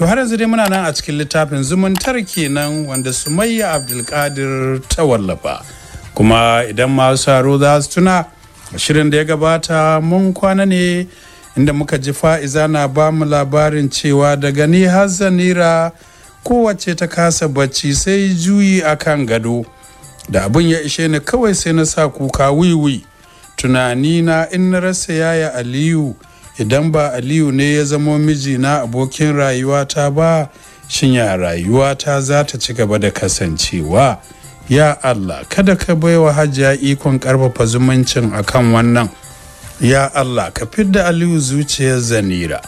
To har yanzu dai muna nan a cikin littafin zumuntar kenan wanda Sumayya Abdulkadir ta wallafa. Kuma idan masu haro za su tuna shirin da ya gabata mun kwana ne inda muka ji fa'iza na ba mu labarin cewa daga ni har zanira kowace ta kasa bacci sai juyi a kan gado. Da abin ya ishe ni kawai sai na sa kuka wiwi. Tunani na in na rasa yaya Aliyu idan ba aliyu ne ya zamo mijina abokin rayuwata ba shinya ya rayuwata za ta ci gaba da kasancewa ya allah kada ka baiwa hajiya ikon karfafa zumuncin akan wannan ya allah ka fidda aliyu zuciyar zanira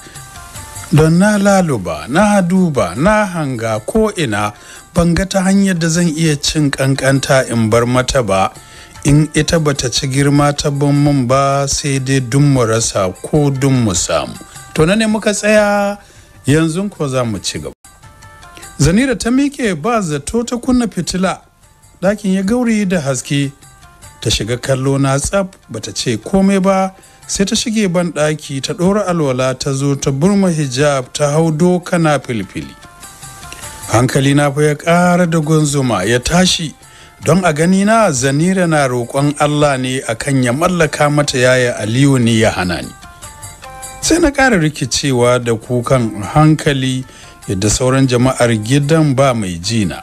don na laluba na duba na hanga ko ina ban ga ta hanyar da zan iya cin kankanta in bar mata ba in ita bata ci girma ta mun ba sai dai dun mu rasa ko dun mu samu to ne muka tsaya yanzu ko za mu ci gaba zanira ta miƙe ba zato ta kunna fitila ɗakin ya gauri da haske ta shiga kallo na tsaf bata ce komai ba sai ta shige ban ɗaki ta ɗora alwala ta zo ta burma hijab ta hau doka na filfili hankali na fa ya ƙara da gunzuma ya tashi don a gani na zanira na roƙon allah ne akan ya mallaka mata yaya aliyu ne ya hana ni sai na ƙara rikicewa da kukan hankali yadda sauran jama'ar gidan ba mai jina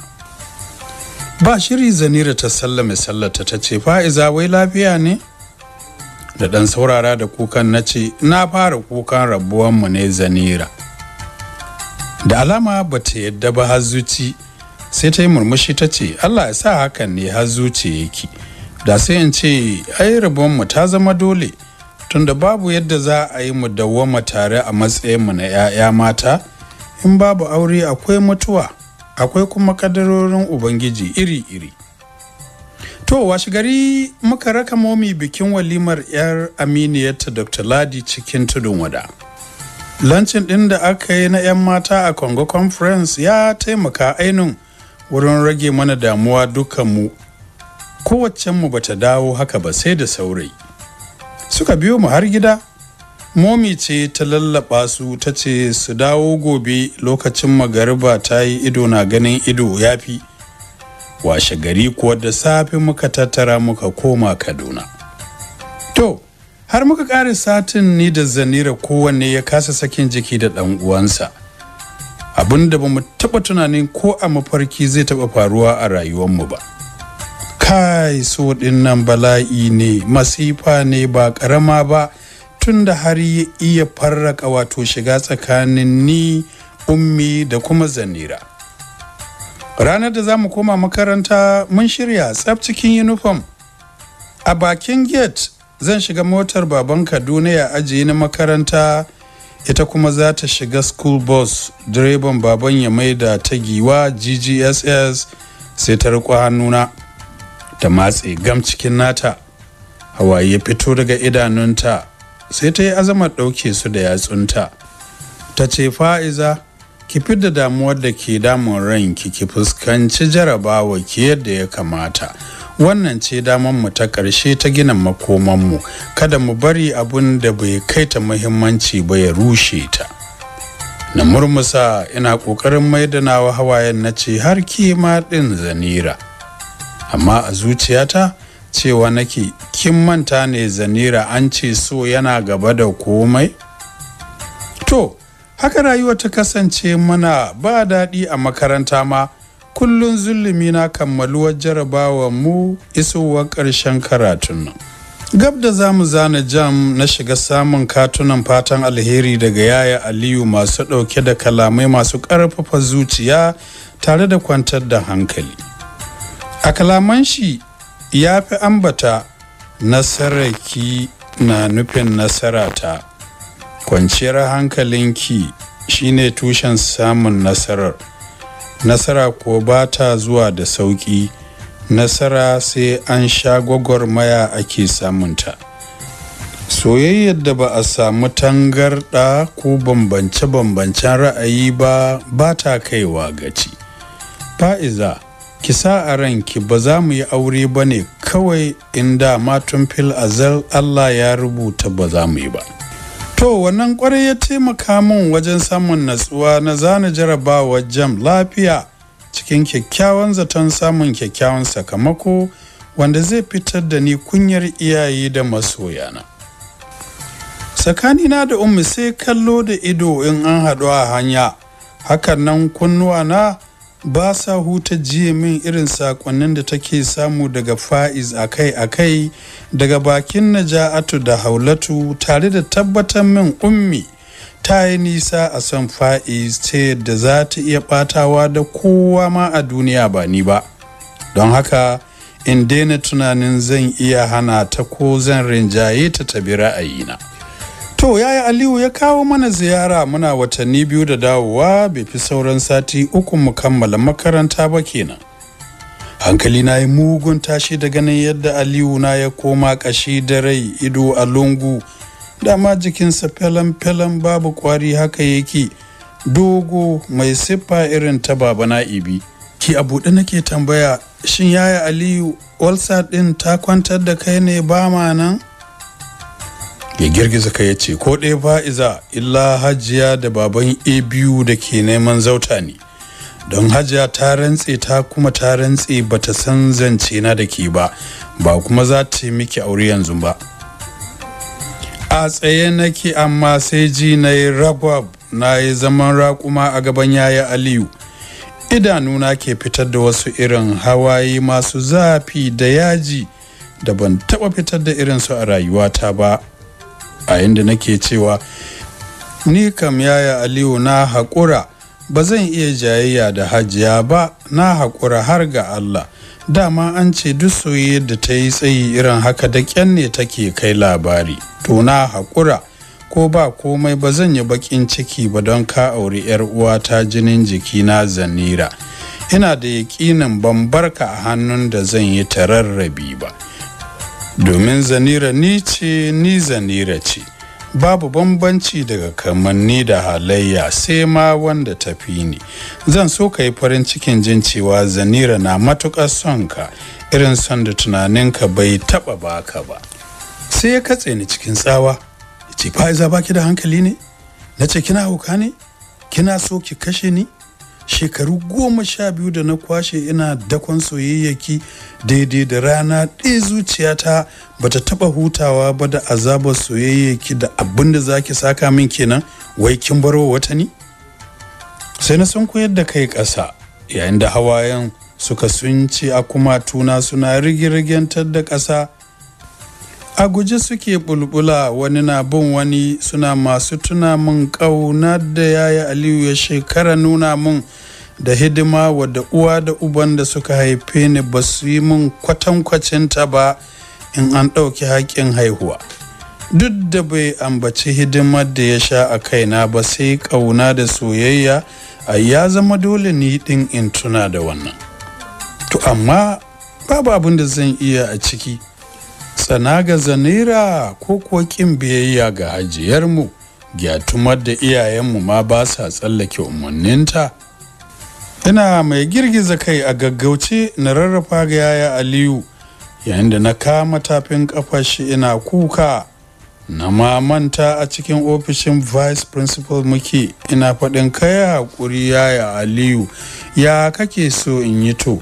ba shiri zanira ta sallame sallata ta ce fa'iza wai lafiya ne da ɗan saurara da kukan na ce na fara kukan rabuwanmu ne zanira da alama ba ta yadda ba har sai ta yi murmushi ta ce allah ya sa hakan ne har zuciya yake da sai in ce ai rabonmu ta zama dole tunda babu yadda za a yi mu dawwama tare a matsayin mu na 'ya'ya mata in babu aure akwai mutuwa akwai kuma kadarorin ubangiji iri-iri to washegari muka raka momi bikin walimar 'yar aminiyarta dr ladi cikin tudun wada lancin ɗin da aka yi na 'yan mata a congo conference ya taimaka ainihin wurin rage mana damuwa dukanmu Kowaccen mu bata dawo haka ba sai da saurayi suka biyo mu har gida momi ce ta lallaba su ta ce su dawo gobe lokacin magariba ta yi ido na ganin ido ya fi washe gari kuwa da safe muka tattara muka koma kaduna to har muka ƙare satin ni da zanira kowanne ya kasa sakin jiki da ɗan uwansa abin da ba mu taɓa tunanin ko a mafarki zai taba faruwa a rayuwar mu ba kai so nan bala'i ne masifa ne ba karama ba tun da har ya iya farraka wato shiga tsakanin ni ummi da kuma zanira ranar da za mu koma makaranta mun shirya tsaf cikin uniform a bakin gate zan shiga motar baban kaduna ya ajiye na makaranta ita kuma za ta shiga school bus direban baban ya maida ta giwa ggss sai ta riko hannuna ta matse gam cikin nata hawaye ya fito daga idanunta sai ta yi azamar ɗauke su da yatsunta ta ce fa'iza ki fi da damuwar da ke damun ranki ki fuskanci jarabawa ki yadda ya kamata wannan ce damar mu ta ƙarshe ta gina makomanmu kada mu bari abun da bai kai ta muhimmanci ba ya rushe ta na murmusa ina ƙoƙarin maidanawa hawayen na ce har kima ɗin zanira amma a zuciyata cewa nake kin manta ne zanira an ce so yana gaba da komai to haka rayuwa ta kasance mana ba daɗi a makaranta ma kullun zulumi na kammaluwar jarabawa mu isowar ƙarshen karatun nan gab da za mu zana jam na shiga samun katunan fatan alheri daga yaya aliyu masu ɗauke da kalamai masu ƙarfafa zuciya tare da kwantar da hankali a kalaman shi ya fi ambata nasararki na nufin nasara ta." kwanciyar hankalinki shine tushen samun nasarar nasara ko ba ta zuwa da sauƙi nasara sai an sha gwagwarmaya ake samunta soyayyar da ba a samu tangarɗa ko bambance-bambancen ra'ayi ba ba ta kaiwa gaci fa'iza ki sa a ranki ba za mu yi aure ba ne kawai inda matun fil azal allah ya rubuta ba za mu yi ba to wannan kwarai ya taimaka min wajen samun natsuwa na zana jarabawa jam lafiya cikin kyakkyawan zaton samun kyakkyawan sakamako wanda zai fitar da ni kunyar iyaye da masoyana tsakanina da ummi sai kallo da ido in an haɗu a hanya hakan nan kunnuwa na ba sa huta jiya min irin sakonnin da take samu daga fa'iz akai-akai daga bakin naja'atu da haulatu tare da tabbatar min ummi ta yi nisa a san fa'iz ce da za ta iya batawa da kowa ma a duniya ba ni ba don haka in daina tunanin zan iya hana ta ko zan rinjaye ta tabi ra'ayina. To yaya Aliyu ya kawo mana ziyara muna watanni biyu da dawowa bai fi sauran sati uku mu kammala makaranta ba kenan. Hankali na yi mugun tashi da ganin yadda Aliyu na ya koma kashi da rai ido a lungu dama jikinsa felan-felan babu kwari haka yake dogo mai siffa irin ta baba na'ibi. Ki a buɗe nake tambaya shin yaya Aliyu walsa ɗin ta kwantar da kai ne ba ma nan? ya girgiza kai ya ce ko ɗaya fa'iza illa hajiya da baban a biyu da ke neman zauta ne don hajiya ta rantse ta kuma ta rantse ba ta san zance na da ke ba ba kuma za ta yi miki aure yanzu ba a tsaye nake amma sai ji na yi rabab na yi zaman raƙuma a gaban yaya aliyu idanuna ke fitar da wasu irin hawaye masu zafi da yaji da ban taɓa fitar da irinsu a rayuwata ba a inda nake cewa ni kam yaya aliyu na haƙura ba zan iya jayayya da hajiya ba na haƙura har ga allah dama an ce duk soyayya da ta yi tsayi irin haka da ƙyan ne take kai labari to na haƙura ko ba komai ba zan yi baƙin ciki ba don ka auri 'yar uwata jinin jiki na zanira ina da yaƙinin ban barka a hannun da zan yi tararrabi ba domin zanira ni ce ni zanira ce babu bambanci daga kamanni da halayya sai ma wanda tafi ni zan so ka yi farin cikin jin cewa zanira na matuƙar son ka irin son da tunaninka bai taɓa baka ba sai ya katse ni cikin tsawa ce fa'iza baki da hankali ne na ce kina hauka ne kina so ki kashe ni shekaru goma sha biyu da na kwashe ina dakon soyayyaki daidai da rana ɗaya zuciyata bata taɓa hutawa ba da azabar soyayyaki da abin da zaki saka min kenan wai kin baro wata ni sai na sun koyar da kai ƙasa yayin da hawayen suka sun ce a kuma tuna suna rigirgentar da ƙasa a guje suke bulbula wani na bin wani suna masu tuna min ƙauna da yaya aliyu ya shekara nuna min da hidima wadda uwa da uban da suka haife ni ba su yi min kwatankwacinta ba in an ɗauki haƙƙin haihuwa duk da bai ambaci hidimar da ya sha a kaina ba sai ƙauna da soyayya a ya zama dole ni din in tuna da wannan to amma babu abin da zan iya a ciki tsana ga zanira ko kuwa kin biyayya ga hajiyarmu gyatumar da iyayenmu ma ba sa tsallake umarninta ina mai girgiza kai a gaggauce na rarrafa ga yaya aliyu yayin da na kama tafin kafa shi ina kuka na mamanta a cikin ofishin vice principal muke ina faɗin kai hakuri yaya aliyu ya kake so in yi to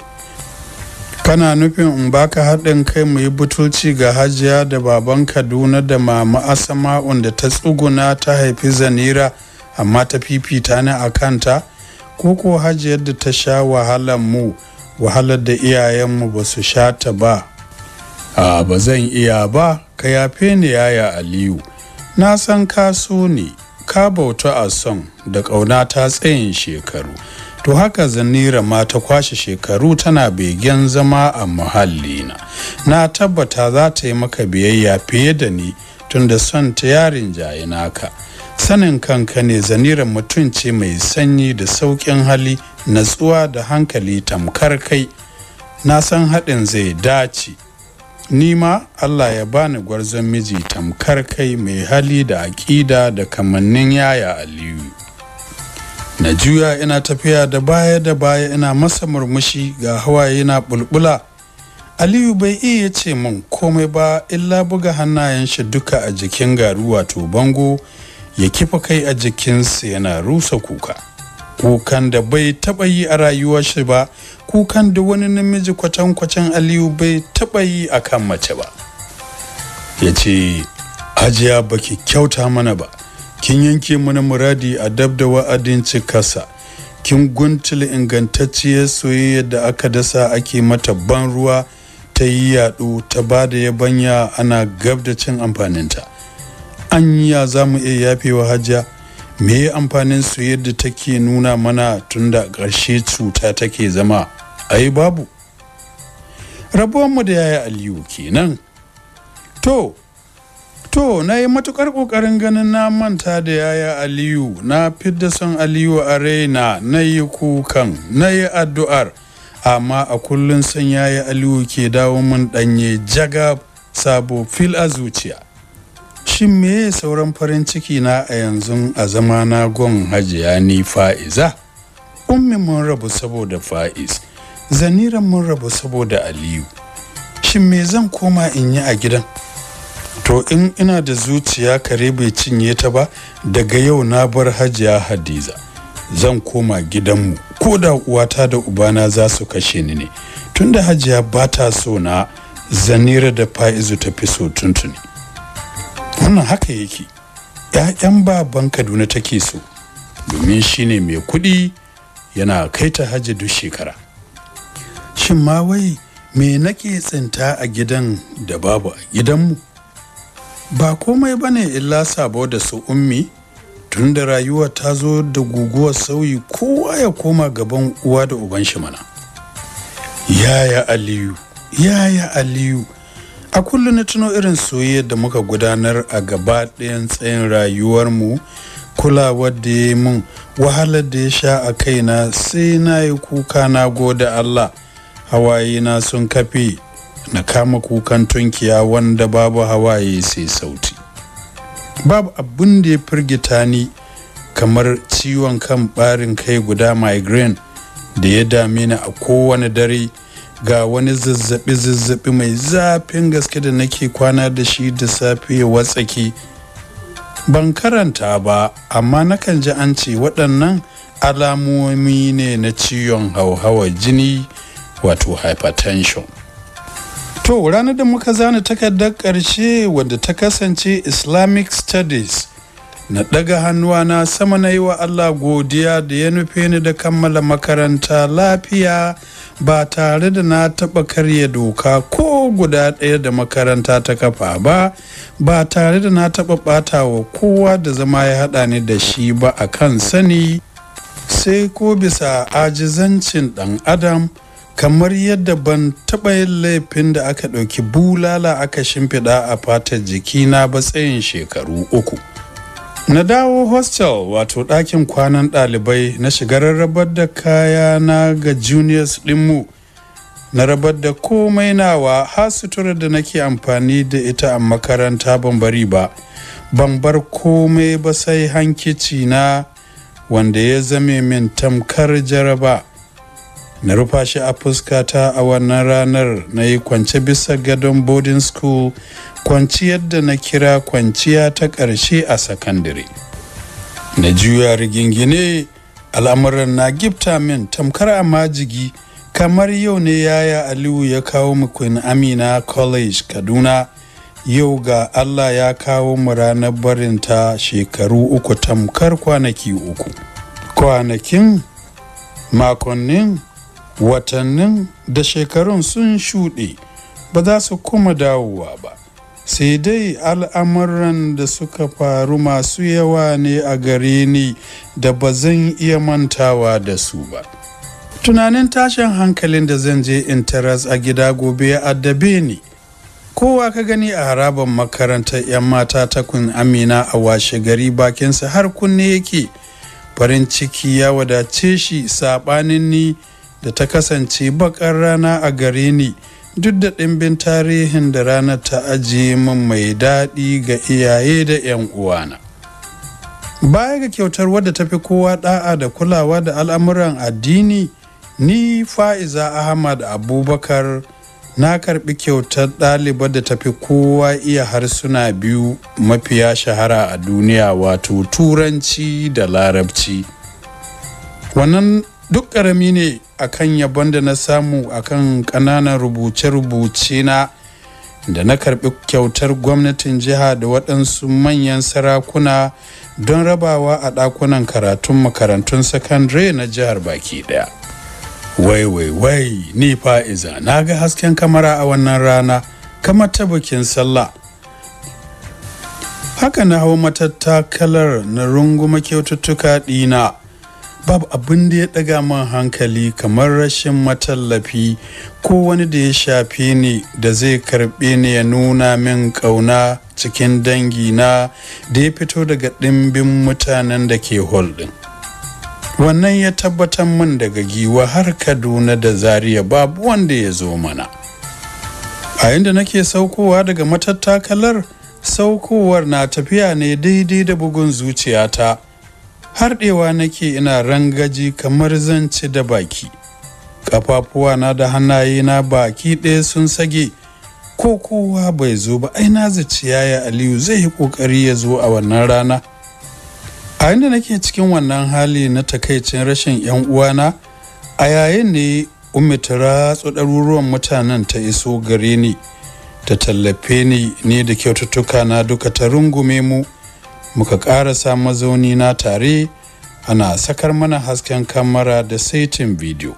kana nufin in baka haɗin kai mu yi butulci ga hajiya da baban kaduna da mama asama'un da ta tsuguna ta haifi zanira amma ta fifita ni a kanta ko ko hajiyar da ta sha wahalar mu wahalar da iyayenmu ba su sha ta ba a ba zan iya ba ka yafe ni yaya aliyu na san ka so ne ka bauta a son da ƙauna ta tsayin shekaru to haka zanira ma ta kwashe shekaru tana begen zama a muhalli na na tabbata za ta yi maka biyayya fiye da ni tunda son ta yarin jaye naka sanin kanka ne zanira mutum ce mai sanyi da sauƙin hali natsuwa da hankali tamkar kai na san haɗin zai dace ni ma allah ya bani gwarzon miji tamkar kai mai hali da aƙida da kamannin yaya aliyu na juya ina tafiya da baya da baya ina masa murmushi ga hawaye na bulbula aliyu bai iya ce min komai ba illa buga hannayen shi duka a jikin garu wato bango ya kifa kai a jikinsa yana rusa kuka kukan da bai taɓa yi a rayuwar shi ba kukan da wani namiji kwacen-kwacen aliyu bai taɓa yi a kan mace ba ya ce ajiya baki kyauta mana ba kin yanke mana muradi a dab da wa'adin cikasa kin guntula ingantacciyar soyayya da aka dasa ake mata ban ruwa ta yi yaɗo ta ba da yabanya ana gab da cin amfaninta ya za mu iya yafewa hajiya me ya amfanin su da take nuna mana tun da ƙarshe cuta take zama ai babu rabuwanmu da yaya aliyu kenan to To, na yi matukar ƙoƙarin ganin na manta da yaya Aliyu, na fidda son Aliyu a raina, na yi kukan, na yi addu'ar, amma a kullum son yaya Aliyu ke dawo mun ɗanye jaga sabo fil a zuciya. Shin me sauran farin ciki na a yanzu a zama na gon hajiya ni fa'iza? Ummi mun rabu saboda fa'iz, zaniran mun rabu saboda Aliyu. Shin me zan koma in yi a gidan? to in ina da zuciya kare bai cinye ta ba daga yau na bar hajiya hadiza zan koma gidanmu ko da uwata da ubana za su kashe ni ne tunda hajiya ba ta so na zanira da fa'izu ta fi so tuntuni wannan haka yake ‘ya'yan baban kaduna take so domin shi ne mai kuɗi yana kai ta hajji duk shekara shin ma wai me nake tsinta a gidan da babu a gidanmu ba komai ba ne illa sabo da su ummi tun da rayuwa ta zo da guguwar sauyi kowa ya koma gaban uwa da uban shi mana yaya aliyu yaya aliyu a kullum na tuno irin soyayya da muka gudanar a gaba ɗayan tsayin rayuwarmu kulawar da ya yi mun wahalar da ya sha a kaina sai na yi kuka na gode allah hawaye na sun kafe na kama kukan tunkiya wanda babu hawaye sai sauti babu abin da ya firgita ni kamar ciwon kan barin kai guda migraine da ya dame ni a kowane dare ga wani zazzabi zazzabi mai zafin gaske da nake kwana da shi da safe watsaki ban karanta ba amma nakan ji an ce waɗannan alamomi ne na ciwon hauhawar jini wato hypertension to ranar da muka zana takardar ƙarshe wanda ta kasance islamic studies na ɗaga na sama na yi wa allah godiya da ya nufe ni da kammala makaranta lafiya ba tare da na taɓa karya doka ko guda ɗaya da makaranta ta kafa ba ba tare da na taɓa ɓata wa kowa da zama ya haɗa ni da shi ba a kan sani sai ko bisa ajizancin ɗan adam kamar yadda ban taɓa yin laifin da aka ɗauki bulala aka shimfiɗa a fatar jikina ba tsayin shekaru uku na dawo hostel wato ɗakin kwanan ɗalibai na shiga rarrabar da kaya na ga juniors ɗinmu na rabar da komai nawa har sutura da nake amfani da ita a makaranta ban bari ba ban bar komai ba sai hankici na wanda ya zame min tamkar jaraba na rufa shi a fuskata a wannan ranar na yi kwance bisa gadon boarding school kwanciyar da na kira kwanciya ta ƙarshe a sakandare na juya rigingine al'amuran na gifta min tamkar a majigi kamar yau ne yaya aliyu ya kawo mu queen amina college kaduna yau ga allah ya kawo mu ranar barinta shekaru uku tamkar kwanaki uku kwanakin makonnin watannin da shekarun sun shuɗe ba za su kuma dawowa ba sai dai al'amuran da suka faru masu yawa ne a gare ni da ba zan iya mantawa da su ba tunanin tashin hankalin da zan je intaras a gida gobe ya addabe ni kowa ka gani a harabar makarantar 'yan mata ta kun amina a washe gari bakinsa har kunne yake farin ciki ya wadace shi saɓanin ni da ta kasance bakar rana a gare ni duk da ɗimbin tarihin da rana ta ajiye min mai daɗi ga iyaye da 'yan uwana. Baya ga kyautar wadda ta fi kowa ɗa'a da kulawa da al'amuran addini, ni fa'iza Ahmad Abubakar na karɓi kyautar ɗaliba da ta fi kowa iya harsuna biyu mafiya shahara a duniya wato Turanci da Larabci. Wannan duk ƙarami ne a kan yabon da na samu a kan ƙananan rubuce-rubuce na da na karɓi kyautar gwamnatin jiha da waɗansu manyan sarakuna don rabawa a ɗakunan karatun makarantun sakandare na jihar baki ɗaya. wai wai wai ni fa'iza na ga hasken kamara a wannan rana kamar ta bikin sallah haka na hau matattakalar na runguma kyaututtuka ɗina babu abin da ya ɗaga man hankali kamar rashin matallafi ko wani da ya shafe ni da zai karɓe ni ya nuna min ƙauna cikin dangi na da ya fito daga ɗimbin mutanen da ke hol wannan ya tabbatar min daga giwa har kaduna da zaria babu wanda ya zo mana a inda nake saukowa daga matattakalar saukowar na tafiya ne daidai da bugun zuciyata harɗewa nake ina rangaji kamar zan ci da baki kafafuwa na da hannaye na baki ɗaya sun sage ko kowa bai zo ba ai na zaci yaya aliyu zai yi ƙoƙari ya zo a wannan rana a inda nake cikin wannan hali na takaicin rashin yan uwana a yayin ne ummi ta ratsu ɗaruruwan mutanen ta iso gare ni ta tallafe ni ne da kyaututtuka na duka ta rungume mu muka ƙarasa mazauni na tare ana sakar mana hasken kamara da saitin bidiyo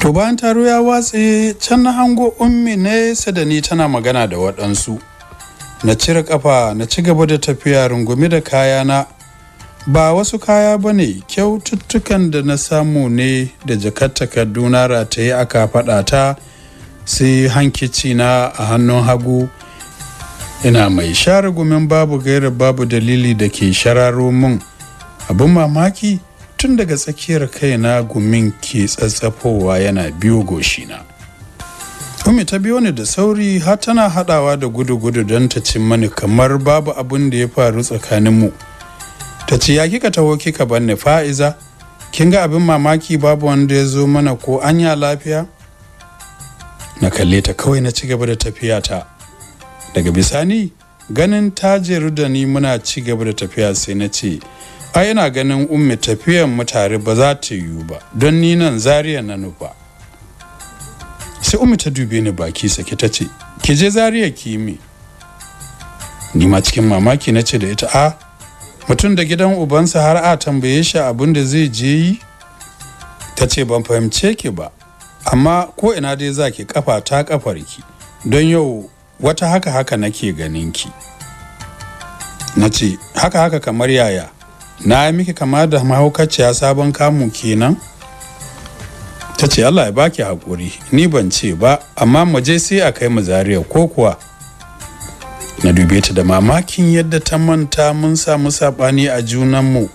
to bayan taro ya watse can na hango ummi nesa da ni tana magana da waɗansu na cire ƙafa na ci gaba da tafiya rungumi da kayana ba wasu kaya ba ne kyaututtukan da na samu ne da jakar takarduna rataye aka faɗa ta sai hankici na a hannun hagu ina mai share gumin babu gaira babu dalili da ke shararo min, abin mamaki tun daga tsakiyar kaina gumin ke tsatsafowa yana biyo goshina umi ta biyo ni da sauri har tana hadawa da gudu-gudu don ta ci mani kamar babu abin da ya faru tsakaninmu ta ce ya kika taho kika banne fa'iza kin ga abin mamaki babu wanda ya zo mana ko anya lafiya na kalle ta kawai na ci gaba da tafiya ta daga bisani ganin ta jeru da ni muna ci gaba da tafiya sai na ce a yana ganin ummi tafiyan mutare tare ba za ta yiwu ba don ni nan zariya na nufa sai ummi ta dube ni baki sake ta ce ki je zariya ki yi ni ma cikin mamaki na ce da ita a mutum da gidan ubansa har a tambaye shi abin da zai je yi ta ce ban fahimce ki ba amma ko ina dai za ki kafa ta kafar ki don yau wata haka haka nake ganin ki na ce haka haka kamar yaya na yi miki kama da mahaukaciya sabon kamun kenan ta ce allah ya baki haƙuri ni ban ce ba amma mu je sai a kai mu zariya ko kuwa na dube ta da mamakin yadda ta manta mun samu saɓani a junanmu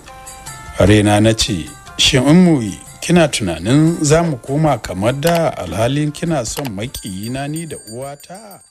Are na ce shin in kina tunanin za mu koma kamar da alhalin kina son makiyina ni da uwata